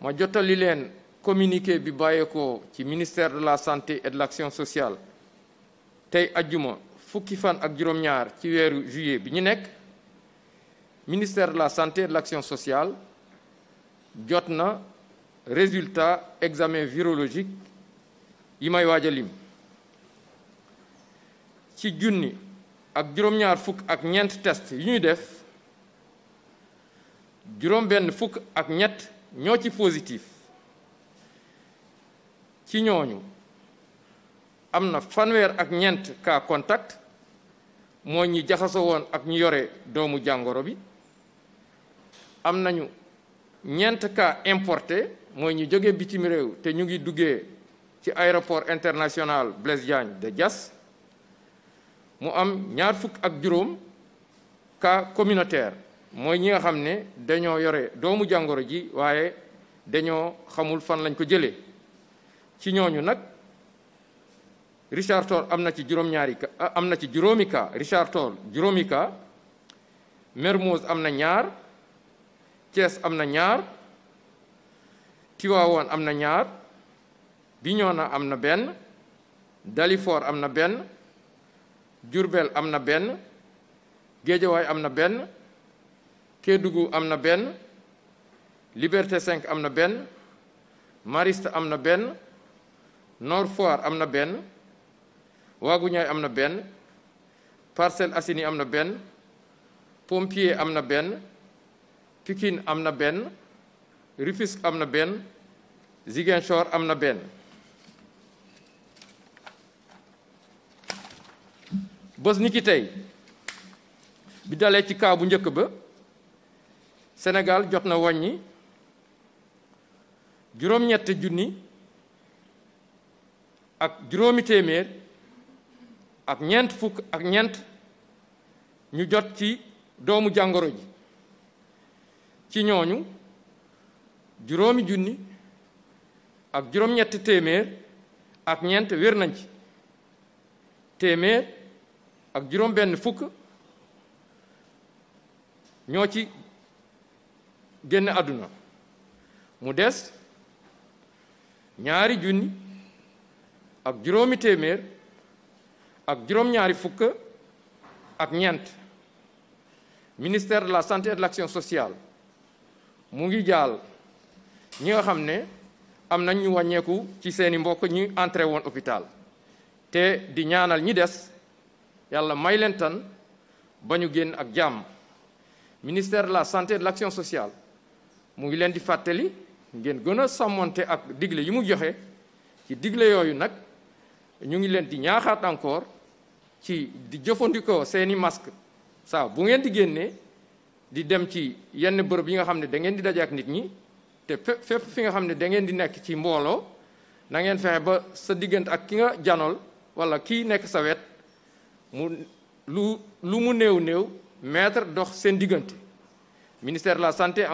ma jottali leen communiqué bi bàyyeekoo ci ministère de la santé et de l'action sociale tey ajjuma fukki fan ak juróom-ñaar ci weeru juillet bi ñu nekk ministère de la santé et de l'action sociale jot na résultat examen virologique yi may waaj ci junni ak juróom-ñaar fukk ak ñeent test yi ñuy def juróom-benn fukk ak ñett ñoo ci positif ci ñooñu am na fanweer ak ñeent cas contact mooy ñi jaxasoo woon ak ñu yore doomu jàngoro bi am nañu ñeent cas importé mooy ñu jóge bitim réew te ñu ngi duggee ci aéroport international Blaise Diagne de jas mu am ñaar fukk ak juróom cas communautaire mooy ñi nga xam ne dañoo yore doomu jàngoro ji waaye dañoo xamul fan lañ ko jëlee ci ñooñu nag Richard Toll am na ci juróom-ñaari ah, am na ci juróomika ka Richard Toll juróomi ka am na ñaar Thiès am na ñaar Tivaouane am na ñaar Bignona am na benn dalifoor am na benn Diourbel am na benn Guédiawaye am na benn Kédougou am na benn Liberté 5 am na benn Mariste am na benn Nord Foire am na benn Waaguñaay am na benn Parcelles Assainies am na benn Pompier am na benn Pikine am na benn Rufisque am na benn Ziguinchor am na benn bés ni ki tey bi dalee ci kaa bu njëkk ba Sénégal jot na wàññi juróom-ñetti junni ak juróomi téeméer ak ñeent fukk ak ñeent ñu jot ci doomu jàngoro ji ci ñooñu juróomi junni ak juróom-ñetti téeméer ak ñeent wér nañ ci téeméer ak juróom benn fukk ñoo ci génn àdduna mu des ñaari junni ak juróomi téeméer ak juróom-ñaari fukk ak ñeent ministère de la santé et de l'action sociale mu ngi jaal ñi nga xam ne am nañ ñu wàññeeku ci seeni mbokk ñu entré woon hôpital te di ñaanal ñi des yàlla may leen tan ba ñu génn ak jàmm ministère de la santé de l'action sociale mu ngi leen di fàttali ngeen gën a sàmmonte ak digle yi mu joxe ci digle yooyu nag ñu ngi leen di ñaaxaat encore ci di jëfandikoo seeni masque saa bu ngeen di génnee di dem ci yenn bërëb yi nga xam ne da ngeen di daje ak nit ñi te fépp fi nga xam ne da ngeen di nekk ci mbooloo nangeen ngeen fexe ba sa diggante ak ki nga janool wala kii nekk sa wet mu lu lu mu néew néew mètre dox seen diggante ministère la santé